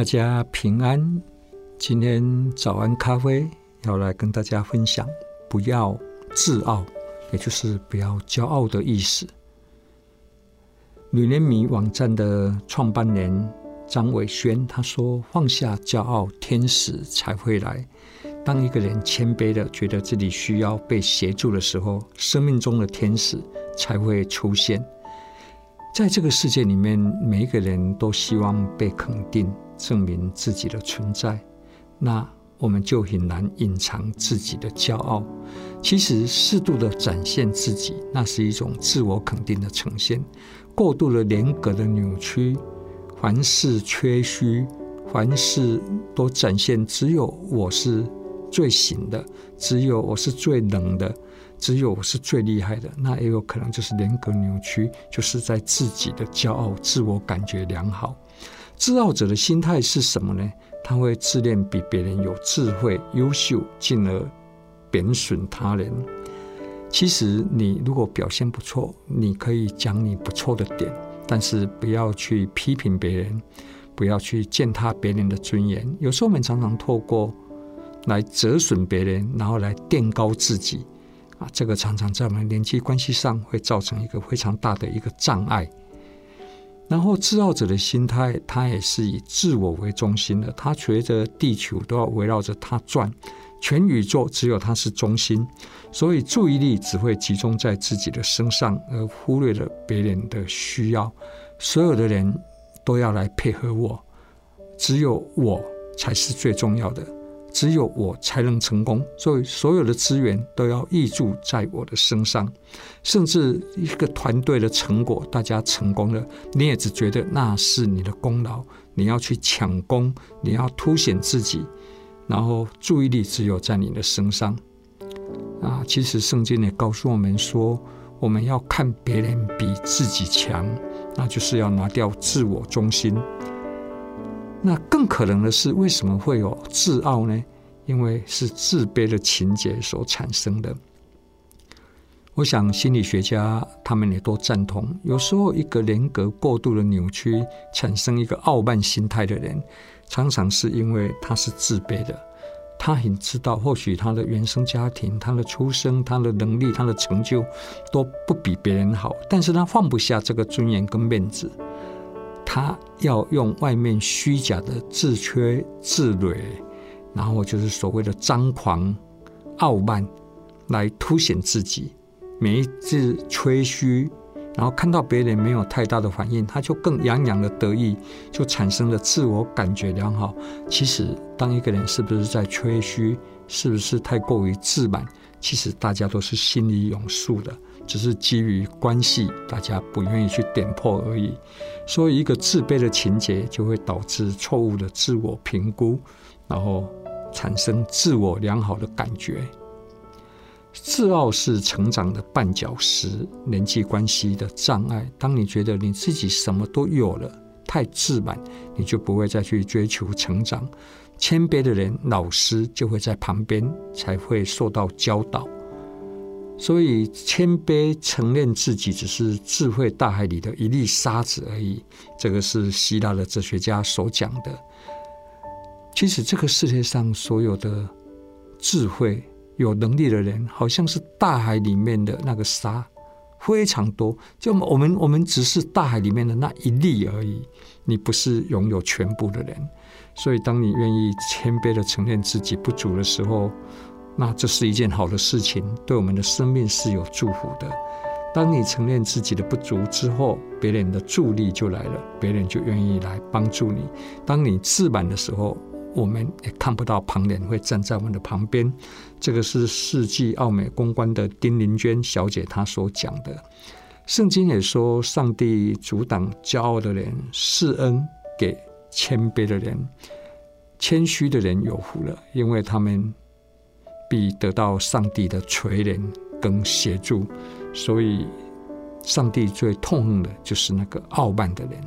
大家平安，今天早安咖啡要來跟大家分享，不要自傲，也就是不要驕傲的意思。女人迷網站的創辦人張偉軒他說：“放下驕傲，天使才會來。當一個人謙卑的覺得自己需要被協助的時候，生命中的天使才會出現。”在這個世界裡面，每一個人都希望被肯定、證明自己的存在。那我們就很難隱藏自己的驕傲。其實適度的展現自己，那是一種自我肯定的呈現；過度的嚴格的扭曲，凡事缺虛，凡事都展現，只有我是最行的，只有我是最冷的。只有我是最厲害的，那也有可能就是人格扭曲，就是在自己的驕傲、自我感覺良好。自傲者的心態是什麼呢？他會自戀，比別人有智慧、優秀，進而貶損他人。其實，你如果表現不錯，你可以講你不錯的點，但是不要去批評別人，不要去踐踏別人的尊嚴。有時候我們常常透過來折損別人，然後來墊高自己。啊，這個常常在我們人際關係上會造成一個非常大的一個障礙。然後，自傲者的心態，他也是以自我為中心的。他覺得地球都要圍繞着他轉，全宇宙只有他是中心，所以注意力只會集中在自己的身上，而忽略了別人的需要。所有的人都要來配合我，只有我才是最重要的。只有我才能成功，所以所有的資源都要挹注在我的身上，甚至一個團隊的成果，大家成功了，你也只覺得那是你的功勞，你要去搶功，你要凸顯自己，然後注意力只有在你的身上。啊，其實聖經也告訴我們說，我們要看別人比自己強，那就是要拿掉自我中心。那更可能的是，為什麼會有自傲呢？因為是自卑的情結所產生的。我想心理學家他們也都贊同，有時候一個人格過度的扭曲，產生一個傲慢心態的人，常常是因為他是自卑的。他很知道，或許他的原生家庭、他的出生、他的能力、他的成就都不比別人好，但是他放不下這個尊嚴跟面子。他要用外面虛假的自吹自擂，然後就是所謂的張狂、傲慢，來凸顯自己。每一次吹噓，然後看到別人沒有太大的反應，他就更洋洋的得意，就產生了自我感覺良好。其實，當一個人是不是在吹噓，是不是太過於自滿，其實大家都是心裡有數的。只是基於關係，大家不願意去點破而已。所以，一個自卑的情節就會導致錯誤的自我評估，然後產生自我良好的感覺。自傲是成長的絆腳石，人際關係的障礙。當你覺得你自己什麼都有了，太自滿，你就不會再去追求成長。謙卑的人，老師就會在旁邊，才會受到教導。所以，謙卑承認自己只是智慧大海裡的一粒沙子而已。這個是希臘的哲學家所講的。其實，這個世界上所有的智慧、有能力的人，好像是大海裡面的那個沙，非常多。就我們，我們只是大海裡面的那一粒而已。你不是擁有全部的人。所以，當你願意謙卑的承認自己不足的時候。那這是一件好的事情，對我們的生命是有祝福的。當你承認自己的不足之後，別人的助力就來了，別人就願意來幫助你。當你自滿的時候，我們也看不到旁人會站在我們的旁邊。這個是世紀奧美公關的丁林娟小姐她所講的。聖經也說：“上帝阻擋驕傲的人，施恩給謙卑的人，謙虛的人有福了，因為他們。”必得到上帝的垂憐跟協助，所以上帝最痛恨的就是那個傲慢的人，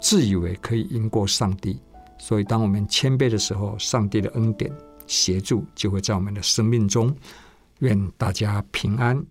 自以為可以贏過上帝。所以，當我們謙卑的時候，上帝的恩典協助就會在我們的生命中。願大家平安。